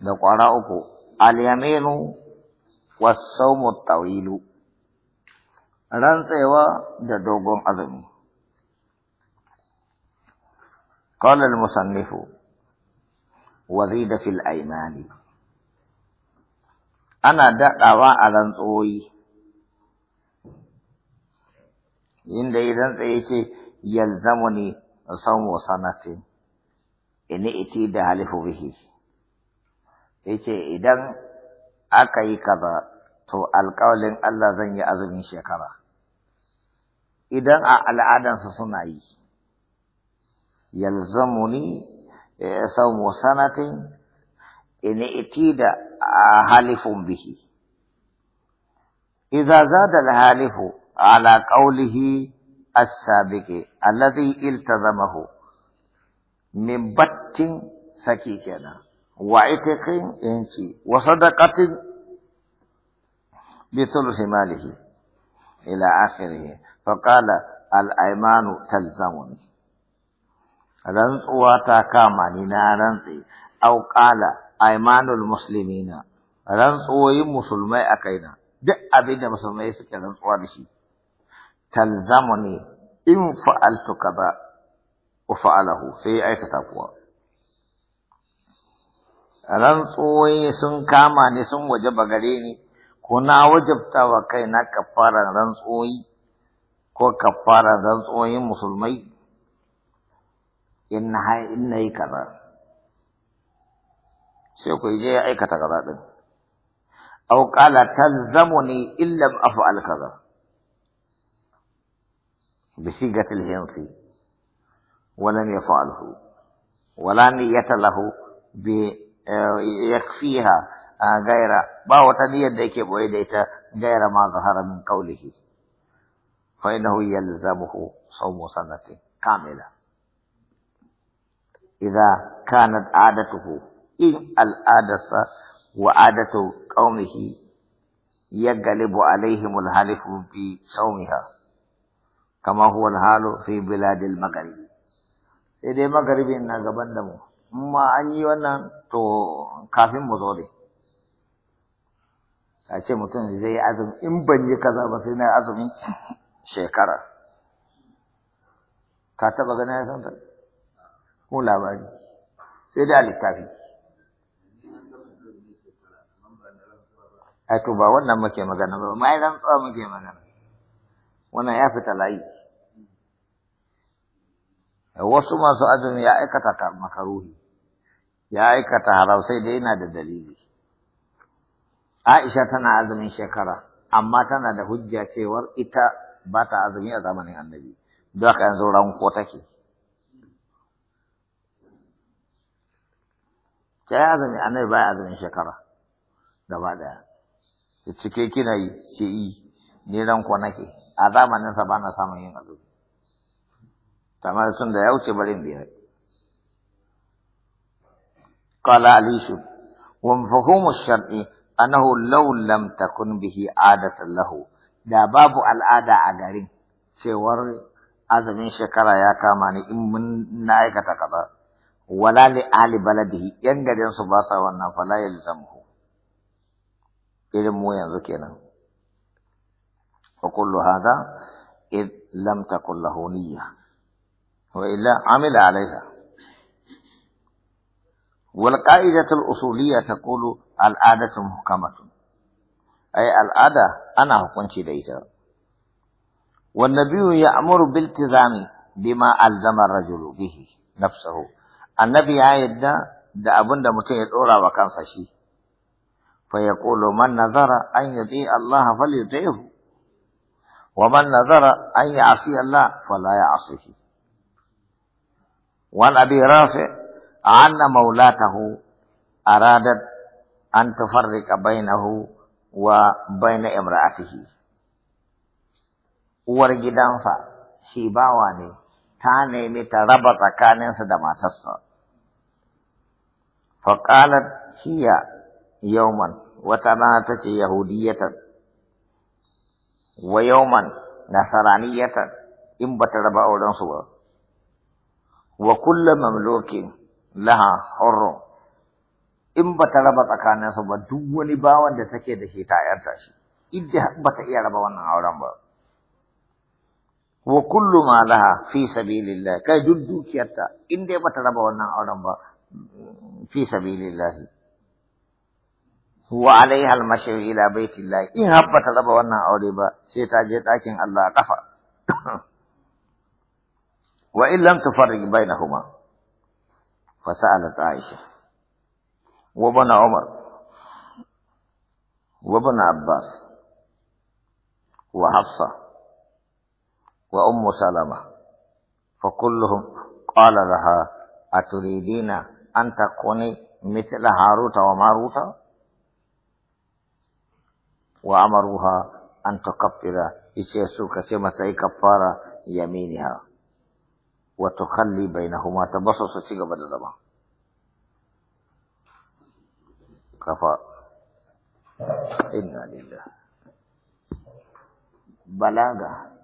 Da kwara uku, Aliyu Aminu wa Saminu Tawilu. Ran da dogon azumi. Kalar mu sannifu wazir da filayenna ne. Ana daɗawa a rantsuyi. Inda yi zan tsaye ce, yal zama ne samun iti da hali fufishi. yace idan aka yi kaza to alƙawalin Allah zan yi azumin shekara idan a al'adansa suna yi yalzamuni eh, mu sanatin in itida halifun bihi idza zada al-halifu ala qawlihi as-sabiqi alladhi iltazamahu min battin saki kenan وعتق إنسي وصدقة بثلث ماله إلى آخره فقال الأيمان تلزمني رنطوا تاكامني رنطي أو قال أيمان المسلمين رنطوا مسلمي أكينا duk أبين da musulmai رنط rantsuwa تلزمني إن talzamu كذا وفعله في أي wa رنطوي سن كاما نسن وجب غريني كنا وجبتا وكينا كفارا رنطوي كو كفارا رنطوي مسلمي إنها إنهي كرا سيكو جاي أي كتغرا أو قال تلزمني إن لم أفعل كذا بسيقة الهنطي ولم يفعله ولا نية له آه، يكفيها آه، غير ما وتنيت ديك بويديت غير ما ظهر من قوله فإنه يلزمه صوم سنة كاملة إذا كانت عادته إن العادة وعادة قومه يغلب عليهم الهلف بصومها كما هو الحال في بلاد المغرب إذا المغرب إنا ma an yi wannan to kafin mu zo dai a ce mutum zai azumi in ban yi kaza ba sai na azumi shekara ka taba ganin ya santa ko labari sai dai a littafi a to ba wannan muke magana ba ma ran tsawa muke magana wannan ya fita layi wasu masu azumi ya aikata makaruhi ya aikata haram sai dai yana da dalili Aisha tana azumin shekara amma tana da hujja cewar ita ba ta azumi a zamanin annabi don haka yanzu ko take ta yi azumi annabi baya azumin shekara gaba daya cike kina yi ce yi ni ko nake a zamaninsa ba na samun yin azumi تمام دیا اسے بڑے دیا ہے قال علی شب ومفهوم الشرع انه لو لم تكن به عادة له دا باب العادة اگرین سیور ازمین شکر یا کامانی ام نائکتا کتا ولا لآل بلده ینگ دین سباسا وانا فلا يلزمه علمو ینزکینا وقل هذا اذ لم تكن له نیه وإلا عمل عليها والقاعدة الأصولية تقول العادة محكمة أي العادة أنا كنت ليها والنبي يأمر بالتزام بما ألزم الرجل به نفسه النبي يعيد دا دا أبن دا متين الأولى وكان فشي فيقول من نذر أن يطيع الله فليطيعه ومن نذر أن يعصي الله فلا يعصيه وعن أبي رافع أن مولاته أرادت أن تفرق بينه وبين امرأته uwar gidansa shi bawa ne ta nemi ta raba tsakaninsa da matarsa faƙalar hiya yauman wata rana ta yahudiyatan wa yauman nasaraniyatan in ba ta raba aurensu ba wa kulla mamlukin laha hurru in ba ta raba tsakaninsu ba duk wani bawan da take da shi ta yarda shi idda ba ta iya raba wannan auren ba wa kullu ma laha fi sabilillah kai duk dukiyarta in dai ba ta raba wannan auren ba fi sabilillah wa alaiha almashi ila baitillah in habba ta raba wannan aure ba sai ta je ɗakin Allah kafa وإن لم تفرق بينهما فسألت عائشة وبن عمر وبن عباس وحفصة وأم سلمة فكلهم قال لها أتريدين أن تكوني مثل هاروت وماروت وأمروها أن تكفر إيش يسوك سمتي كفارة يمينها wato kalli bai na huma ta basu su ci gaba da zama kafa inna balaga